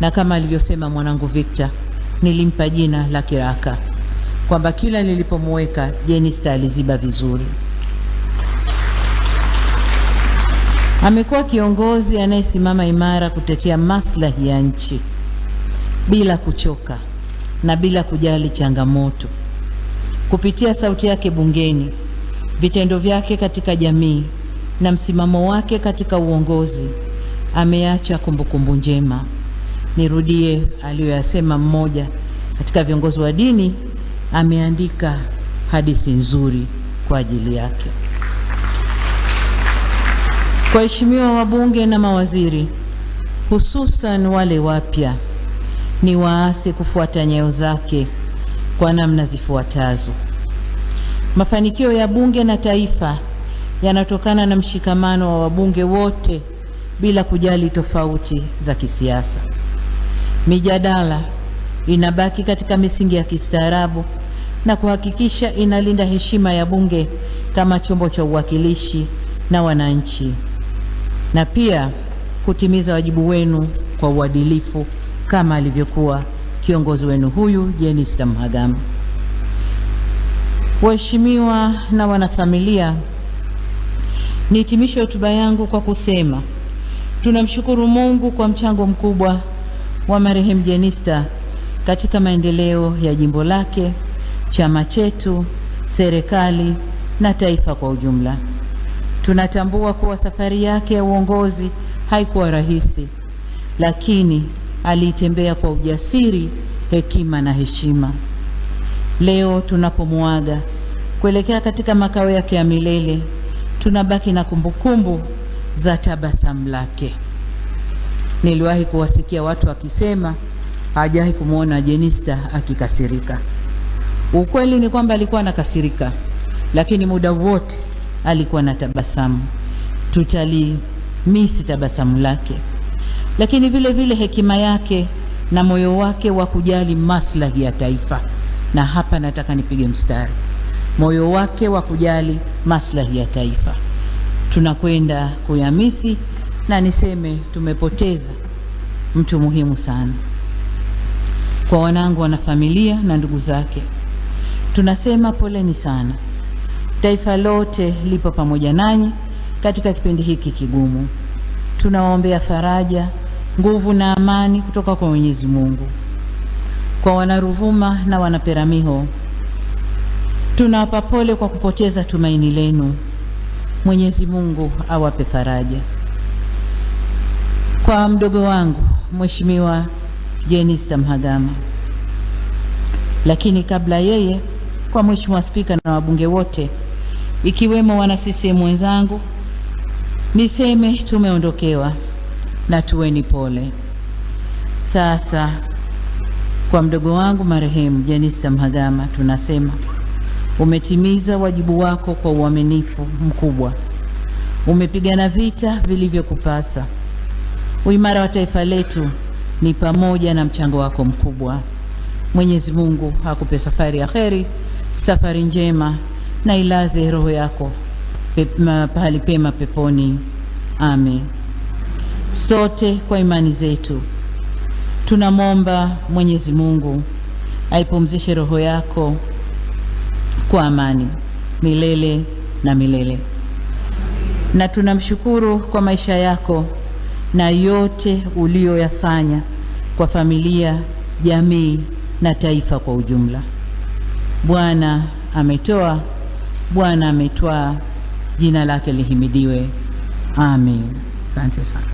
na kama alivyosema mwanangu Victor, nilimpa jina la kiraka kwamba kila nilipomweka Jenista aliziba vizuri. Amekuwa kiongozi anayesimama imara kutetea maslahi ya nchi bila kuchoka na bila kujali changamoto. Kupitia sauti yake bungeni, vitendo vyake katika jamii na msimamo wake katika uongozi, ameacha kumbukumbu njema. Nirudie aliyoyasema mmoja katika viongozi wa dini, ameandika hadithi nzuri kwa ajili yake. kwa Waheshimiwa wabunge na mawaziri, hususan wale wapya, ni waasi kufuata nyayo zake kwa namna zifuatazo. Mafanikio ya bunge na taifa yanatokana na mshikamano wa wabunge wote bila kujali tofauti za kisiasa. Mijadala inabaki katika misingi ya kistaarabu na kuhakikisha inalinda heshima ya bunge kama chombo cha uwakilishi na wananchi, na pia kutimiza wajibu wenu kwa uadilifu kama alivyokuwa kiongozi wenu huyu Jenista Mhagama. Waheshimiwa na wanafamilia, nihitimishe hotuba yangu kwa kusema tunamshukuru Mungu kwa mchango mkubwa wa marehemu Jenista katika maendeleo ya jimbo lake, chama chetu, serikali na taifa kwa ujumla. Tunatambua kuwa safari yake ya uongozi haikuwa rahisi, lakini aliitembea kwa ujasiri, hekima na heshima. Leo tunapomwaga kuelekea katika makao yake ya milele, tunabaki na kumbukumbu za tabasamu lake. Niliwahi kuwasikia watu akisema hajawahi kumwona Jenista akikasirika. Ukweli ni kwamba alikuwa anakasirika, lakini muda wote alikuwa na tabasamu. Tutalimisi tabasamu lake, lakini vile vile hekima yake na moyo wake wa kujali maslahi ya taifa. Na hapa nataka nipige mstari, moyo wake wa kujali maslahi ya taifa tunakwenda kuyamisi na niseme tumepoteza mtu muhimu sana. Kwa wanangu, wanafamilia na ndugu zake, tunasema poleni sana. Taifa lote lipo pamoja nanyi katika kipindi hiki kigumu. Tunawaombea faraja, nguvu na amani kutoka kwa Mwenyezi Mungu. Kwa Wanaruvuma na Wanaperamiho, tunawapa pole kwa kupoteza tumaini lenu. Mwenyezi Mungu awape faraja kwa mdogo wangu Mheshimiwa Jenista Mhagama, lakini kabla yeye kwa Mheshimiwa Spika na wabunge wote ikiwemo wana CCM wenzangu, niseme tumeondokewa na tuweni pole. Sasa kwa mdogo wangu marehemu Jenista Mhagama tunasema umetimiza wajibu wako kwa uaminifu mkubwa, umepigana vita vilivyokupasa Uimara wa taifa letu ni pamoja na mchango wako mkubwa. Mwenyezi Mungu akupe safari ya kheri, safari njema, na ilaze roho yako pahali pema peponi. Amen. Sote kwa imani zetu tunamwomba Mwenyezi Mungu aipumzishe roho yako kwa amani milele na milele, na tunamshukuru kwa maisha yako na yote uliyoyafanya kwa familia, jamii na taifa kwa ujumla. Bwana ametoa, Bwana ametwaa, jina lake lihimidiwe. Amin. Asante sana.